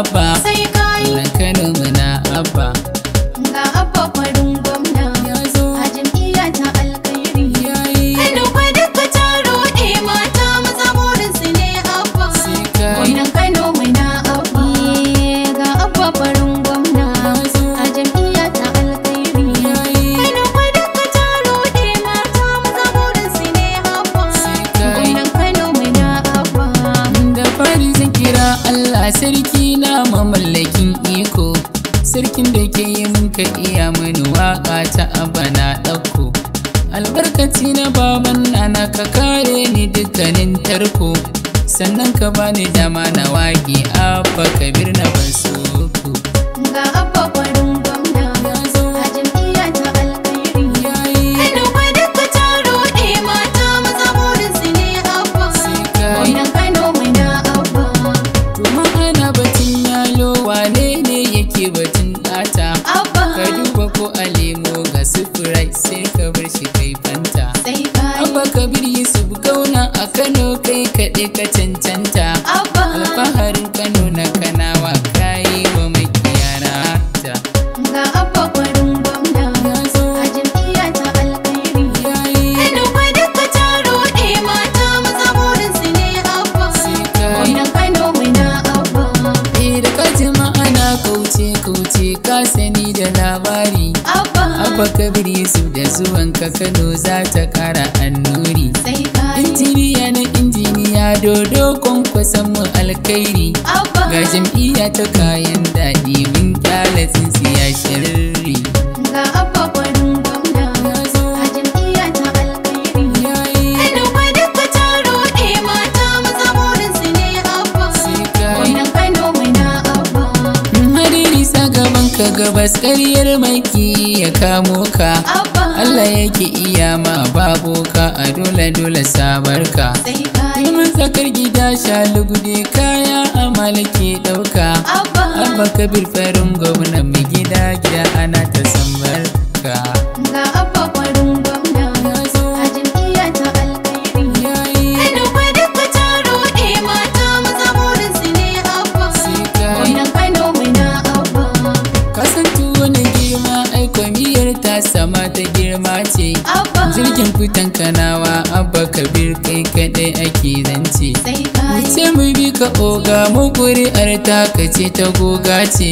abba sai kai Kano muna abba ga abba farin gwamna yazo a jam'iyya ta alkhairi yayi Kano fa duka taro rode mata maza burin su ne abba sai kai gwamnan Kano muna abba ga abba farin gwamna yazo a jam'iyya ta alkhairi yayi Kano fa duka taro rode mata maza burin su ne abba sai kai gwamnan Kano muna abba da fari zan kira Allah sarki mana waƙi a faka na ban Ga labari abba kabir su da zuwan ka kano za ta kara annuri injiniya na injiniya dodo kwankwason mu alkairi ga jam'iyya ta kayan daɗi mun kyalatin tsintsiya kamo ka Allah yake iya ma babu ka a dole dole sabar ka Zaman sakar gida sha lugude kaya a malaki ɗauka Abba kabir farin gwamna gida gida ana ta sambar ka kabir kai kaɗai ake zance wuce mu ka oga mu arta ka ce ta goga ce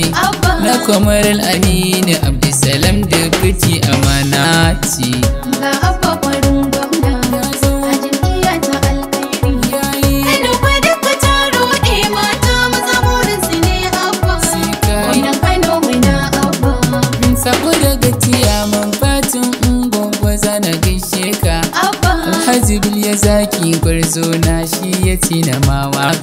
na kamar aminu abdulsalam da fiti amana ce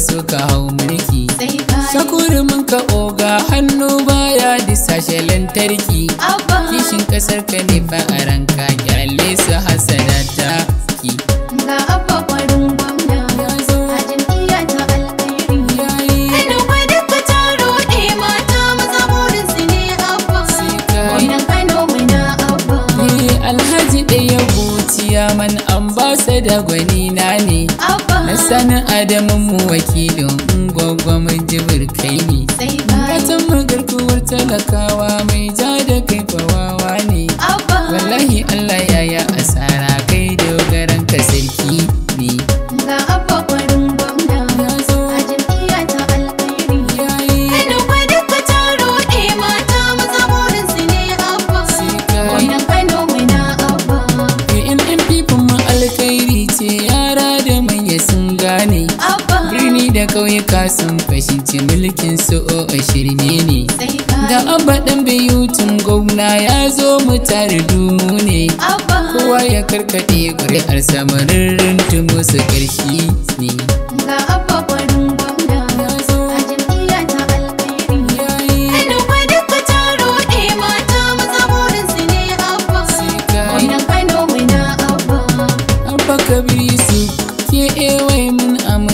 fa ka hau mulki sakurumin ka oga hannu baya disashe lantarki kishin kasar ka ne fa a ranka gyalle su hasada ta ki ga abba kwarin gwamna mata su alhaji ɗaya man ambasada gwani sani adamu wakilin ƙauyuka sun fahimci mulkin su o shirme ne ga abba dan biyutun gwamna ya zo mu tare dumu ne kowa ya karkaɗe ƙuri'ar samarin runtumu su ƙarshi ne ga abba farin kabiri su ke ewai eh, mun amma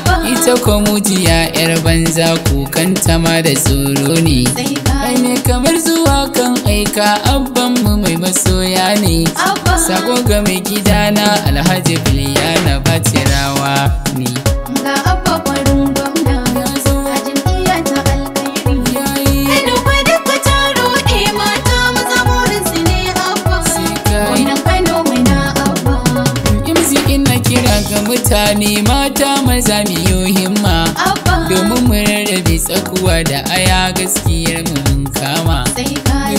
Ko mujiya yar banza kukanta ma da tsoro ne ai me kamar zuwa kan aika abban mu mai masoya ne sako ga mai gidana alhaji biliyana batirawa ne ruwa da aya gaskiyar mu mun kama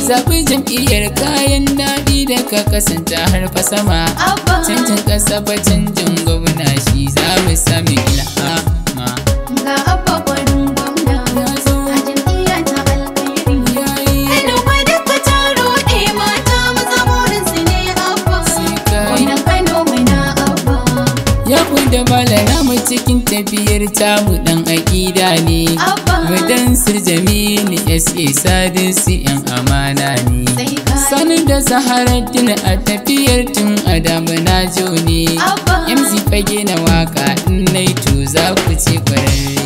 zaɓi jam'iyyar kayan daɗi da ka kasanta har fa sama canjin ƙasa fa canjin gwamna shi za mu sami ilha wannan amana ne sanin da tuna a tafiyar tun adamu na zo ne mz fage na waka in nai to za ku ce kwararre